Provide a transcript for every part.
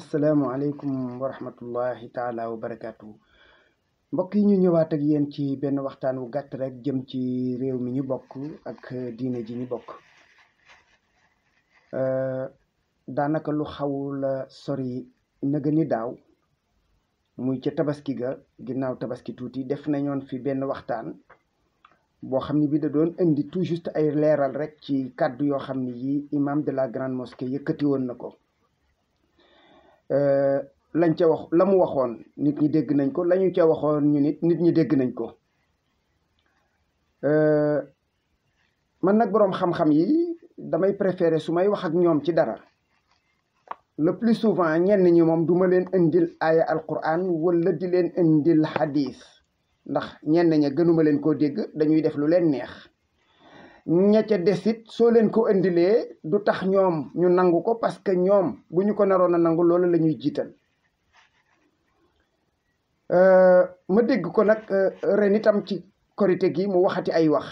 asalaamualeykum wa rahmatullahi taala wa barakaatu mbokk yi ñu ñëwaat ak yéen ci benn waxtaan wu gàtt rek jëm ci réew mi ñu bokk ak diine ji ñu bokk euh, daanaka lu xaw la sori nëga ni daaw muy ca tabaski ga ginnaaw tabaski tuuti def nañoon fi benn waxtaan boo xam ne bi da doon indi tout juste ay leeral rek ci kàddu yoo xam ne yi imam de la grande mosquée yëkkati woon na ko Euh, lañ ca wax la mu waxoon nit ñi dégg nañ ko lañu ñu ca waxoon ñu nit nit ñi dégg nañ ko euh, man nag boroom xam-xam yi damay préférer su may wax ak ñoom ci dara le plus souvent ñenn ñi moom duma leen indil aaya alquran wala di leen indil xadis ndax ñenn ña gënuma leen koo dégg dañuy def lu leen neex ña ca desit soo leen ko indilee du tax ñoom ñu nangu ko parce que ñoom bu ñu ko naroon a nangu loolu la ñuy jiital euh, ma dégg ko nag euh, ren itam ci korite gi mu waxati ay wax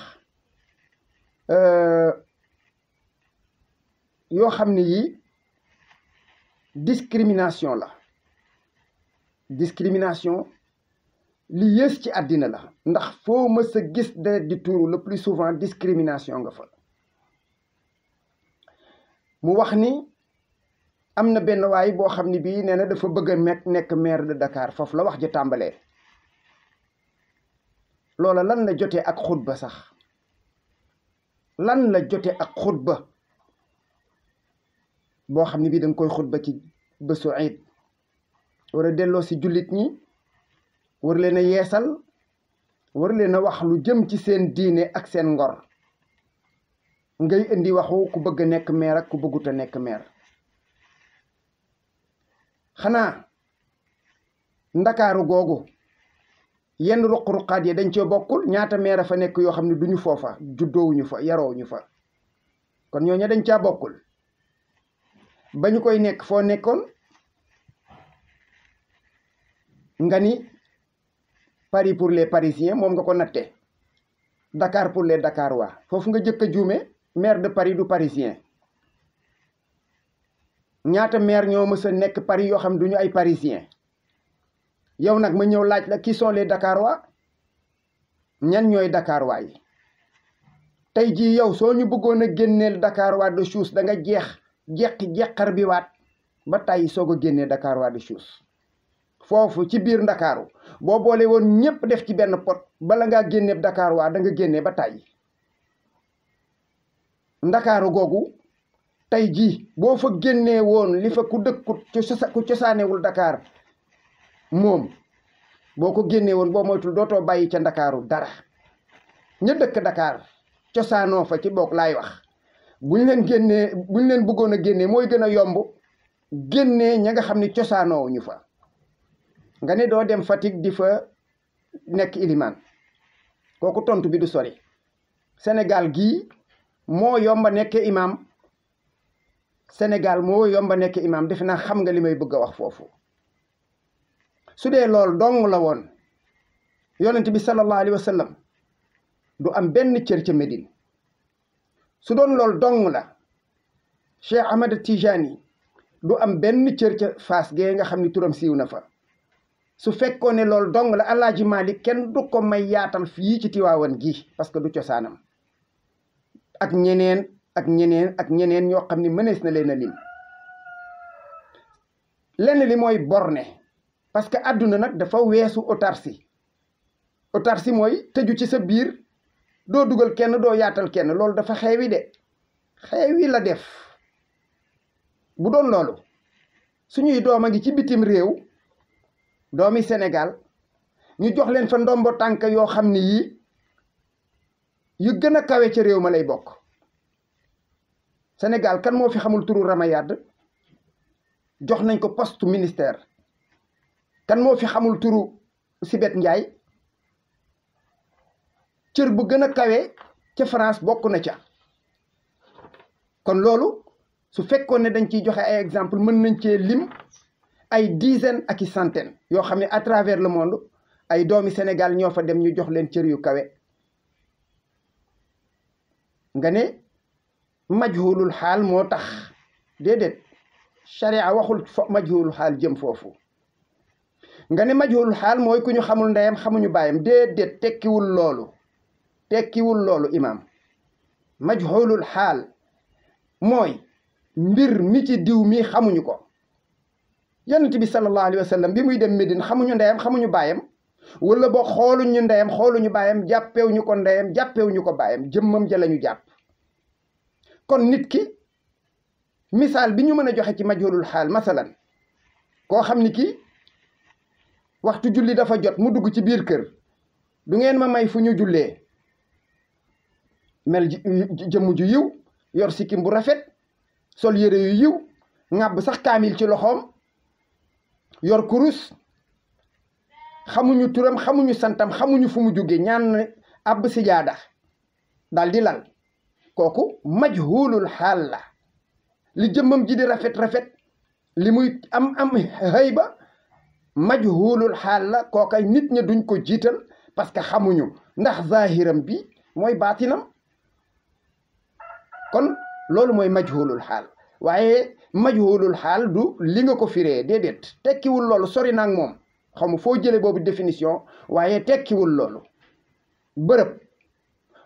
euh, yoo xam ne yii discrimination la discrimination li yées ci àddina la ndax foo mës gis deret di tuuru le plus souvent discrimination nga fa mu wax ni am na benn waay boo xam ne bii nee na dafa bëgg a nekk maire de Dakar foofu la wax ja tàmbalee loola lan la jotee ak xutba sax lan la jote ak xutba boo xam ne bii danga koy xutba ci bësu iid war delloo si jullit ñi war leen a yeesal war leen a wax lu jëm ci seen diine ak seen ngor ngay indi waxu ku bëgg a nekk meer ak ku bëggut a nekk meer xanaa ndakaaru googu yenn ruq-ruqaat yi dañ cee bokkul ñaata meer a fa nekk yoo xam ne duñu foofa juddoowuñu fa yaroowuñu fa kon ñooñu dañ caa bokkul bañu koy nekk foo nekkoon nga ni Paris pour les Parisiens moom nga ko nattee Dakar pour les Dakarois foofu nga jëkk a juume maire de Paris du Parisien ñaata maire ñoo mës nekk Paris yoo xam ne du ñu ay Parisiens yow nag ma ñëw laaj la qui sont les Dakarois ñan ñooy waa yi tey jii yow soo ñu bëggoon a génneel Dakarois de chose da nga jeex jeqi jeqar bi waat ba tàyyi soog a génnee Dakarois de chose foofu ci biir ndakaaru boo boole woon ñëpp def ci benn pot bala ngaa génneeb dakaar waa da nga génnee ba tàyyi ndakaaru googu tey jii boo fa génnee woon li fa ku dëkkut ku cosaanewul dakaar moom boo ko génnee woon boo moytul dootoo bàyyi ca ndakaaru dara ña dëkk Dakar cosaanoo fa ci bokk laay wax buñ leen génnee buñ leen bëggoon a génnee mooy gën a yomb génnee ña nga xam ni cosaanoo fa nga ne doo dem Fatick di fa nekk ilimaan kooku tontu bi du sori Sénégal gii moo yomba nekk imaam Sénégal moo yomba nekk imaam defe naa xam nga li may bëgg a wax foofu su dee lool dong la woon yonent bi sallallahu alayhi wa du am benn cër ca Médine su doon lool dong la Cheikh Ahmed Tijani du am benn cër ca Fass gee nga xam ni turam siiw na fa su fekkoon ne loolu dong la Alaaji Maalik kenn du ko may yaatal fii ci Tiwaawan gi parce que du cosaanam ak ñeneen ak ñeneen ak ñeneen ñoo xam ni mënees na leen a lim lenn li mooy borne parce que àdduna nag dafa weesu autarcie autarcie mooy tëju ci sa biir doo dugal kenn doo yaatal kenn loolu dafa xeewi de xeewi la def bu doon loolu suñuy doom a ngi ci bitim réew doomi Sénégal ñu jox leen fa ndombo tànk yoo xam ne yii yu gën a kawe ca réew ma lay bokk Sénégal kan moo fi xamul turu Ramayad jox nañ ko poste ministère kan moo fi xamul turu sibet njaay cër bu gën a kawe ca France bokk na ca kon loolu su fekkoon ne dañ ciy joxe ay exemple mën nañ cee lim ay dizaine ak i centaine yoo xam ne à travers le monde ay doomi Sénégal ñoo fa dem ñu jox leen cër yu kawe nga ne majhulul xaal moo tax dédét sharia waxul fo majhulul xaal jëm foofu nga ne majhulul xaal mooy ku ñu xamul ndeyam xamuñu baayam déedéet tekkiwul loolu tekkiwul loolu imaam majhulul xaal mooy mbir mi ci diw mi xamuñu ko yonent bi sallallahu alayhi wa sallam bi muy dem Médine xamuñu ndeyam xamuñu baayam wala boo xooluñu ndeyam xooluñu baayam jàppew ko ndeyam jàppew ko baayam jëmmam ja lañu jàpp kon nit ki misaal bi ñu mën a joxe ci majhulul xaal masalan koo xam ni ki waxtu julli dafa jot mu dugg ci biir kër du ngeen ma may fu ñu jullee mel jëmm ju yiw yor sikkim bu rafet sol yére yu yiw ŋàbb sax kaamil ci loxoom yor kurus xamuñu turam xamuñu santam xamuñu fu mu jóge ñaan ab sijaada daal di lal kooku majhulul xaal la li jëmmam ji rafet rafet li muy am am hayba majhulul xaal la kookay nit ña duñ ko jiital parce que xamuñu ndax zahiram bi mooy baatinam kon loolu mooy majhulul xaal waaye majhulul xaal du li nga ko firee déedéet tekkiwul loolu sori na ak moom xaw foo jëlee boobu définition waaye tekkiwul loolu bërëb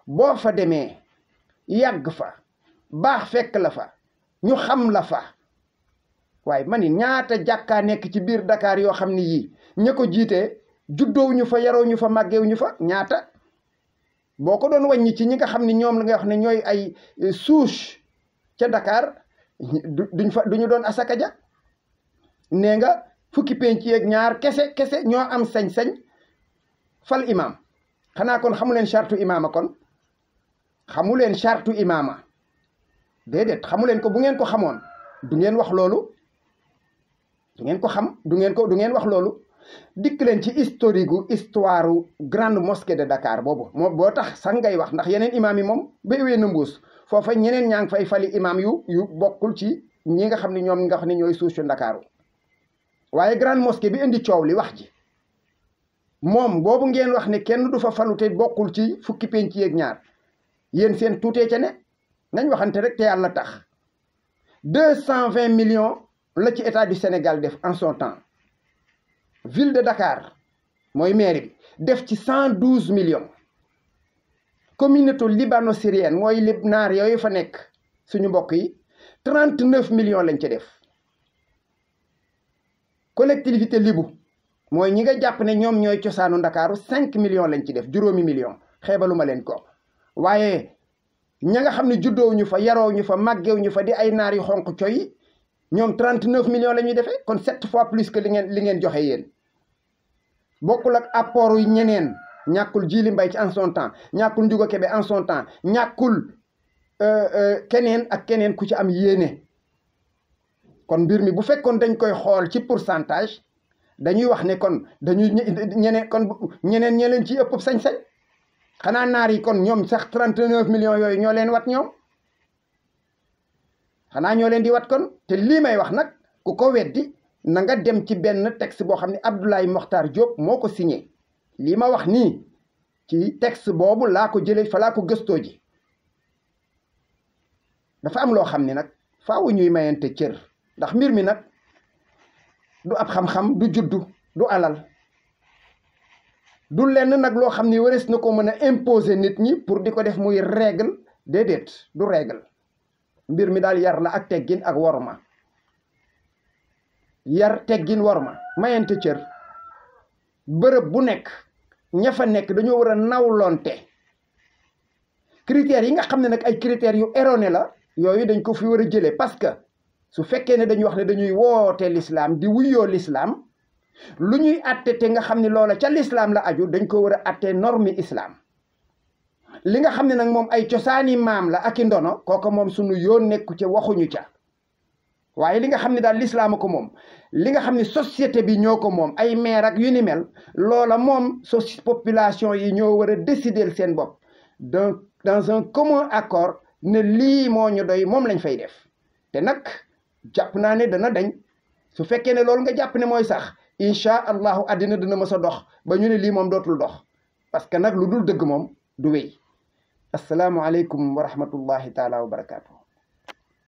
boo fa demee yàgg fa baax fekk la fa ñu xam la fa waaye ma ni ñaata jàkkaa nekk ci biir dakaar yoo xam ni yii ña jiite juddowuñu fa yaroo fa màggeew ñu fa ñaata boo ko doon wàññi ci ñi nga xam ni ñoom la nga wax ne ñooy ay eh, suus ca dakaar duñ fa duñu doon asaka ja nee nga fukki penc yeeg ñaar kese kese ñoo am sañ-sañ fal imaam xanaa kon xamu leen chartu imaama kon xamu leen chartu imaama déedéet xamu leen ko bu ngeen ko xamoon du ngeen wax loolu du ngeen ko xam du ngeen ko du ngeen wax loolu dikk leen ci historique gu histoire grande mosquée de Dakar boobu moom boo tax sax ngay wax ndax yeneen imaam yi moom béywee na mbuus foofa ñeneen ñaa ngi fay fali imaam yu yu bokkul ci ñi nga xam ne ñoom nga xam ne ñooy suusu Ndakaaru waaye grand mosquée bi indi coow li wax ci moom boobu ngeen wax ne kenn du fa falu bokkul ci fukki penc yeeg ñaar yéen seen tuutee ca ne nañ waxante rek te yàlla tax deux cent vingt millions la ci état du Sénégal def en son temps ville de Dakar mooy mairie bi def ci cent douze millions communauté libano-syrienne mooy lib naar yooyu fa nekk suñu mbokk yi trente neuf million lañ ci def collectivité libu mooy ñi nga jàpp ne ñoom ñooy cosaanu ndakaaru cinq millions lañ ci def juróomi millions xeebaluma leen ko waaye ña nga xam ne juddoo ñu fa yaroo ñu fa màggew ñu fa di ay naar yu xonq coy ñoom trente neuf millions la ñuy defee kon sept fois plus que li ngeen li ngeen joxe yéen bokkul ak apport yu ñeneen ñàkkul jili Mbaye ci en son temps ñàkkul Ndiouga Kébé en son temps ñàkkul euh, euh, keneen ak keneen ku ci am yéene kon mbir mi bu fekkoon dañ koy xool ci pourcentage dañuy wax ne kon dañuy ñeneen kon ñeneen ñe leen ci ëpp sañ-sañ xanaa naar yi kon ñoom sax 39 millions yooyu ñoo leen wat ñoom xanaa ñoo leen di wat kon te lii may wax nag ku ko weddi nanga dem ci benn texte boo xam ne Abdoulaye Mokhtar jóob moo ko signé lii ma wax nii ci texte boobu laa ko jëlee fa laa ko gëstoo ji dafa am loo xam ni nag faaw ñuy mayante cër ndax mbir mi nag du ab xam-xam du juddu du alal du lenn nag loo xam ne warees na ko mën a imposer nit ñi pour di ko def muy règle déedéet du règle mbir mi daal yar la ak teggin ak worma yar teggin war ma mayante cër bërëb bu nekk ña fa nekk dañoo war a nawlonte critères yi nga xam ne nag ay critères yu erroné la yooyu dañ ko fi war a jëlee parce que su fekkee ne dañuy wax ne dañuy woote lislaam di wuyoo lislaam lu ñuy atte te nga xam ne loola ca lislaam la aju dañ ko war a atte norme islam li nga xam ne nag moom ay cosaani maam la ak i ndono kooka moom sunu yoon nekku ca waxuñu ca waaye li nga xam ne daal lislaama ko moom li nga xam ne société bi ñoo ko moom ay maire ak yu ni mel loola moom soci population yi ñoo war a décider seen bopp donc dans un commun accord ne lii moo ñu doy moom lañ fay def te nag jàpp naa ne dana dañ su fekkee ne loolu nga jàpp ne mooy sax incha allahu àddina dina mës a dox ba ñu ne lii moom dootul dox parce que nag lu dul dëgg moom du wéy asalaamualeykum wa rahmatullahi taala wa barakaatu.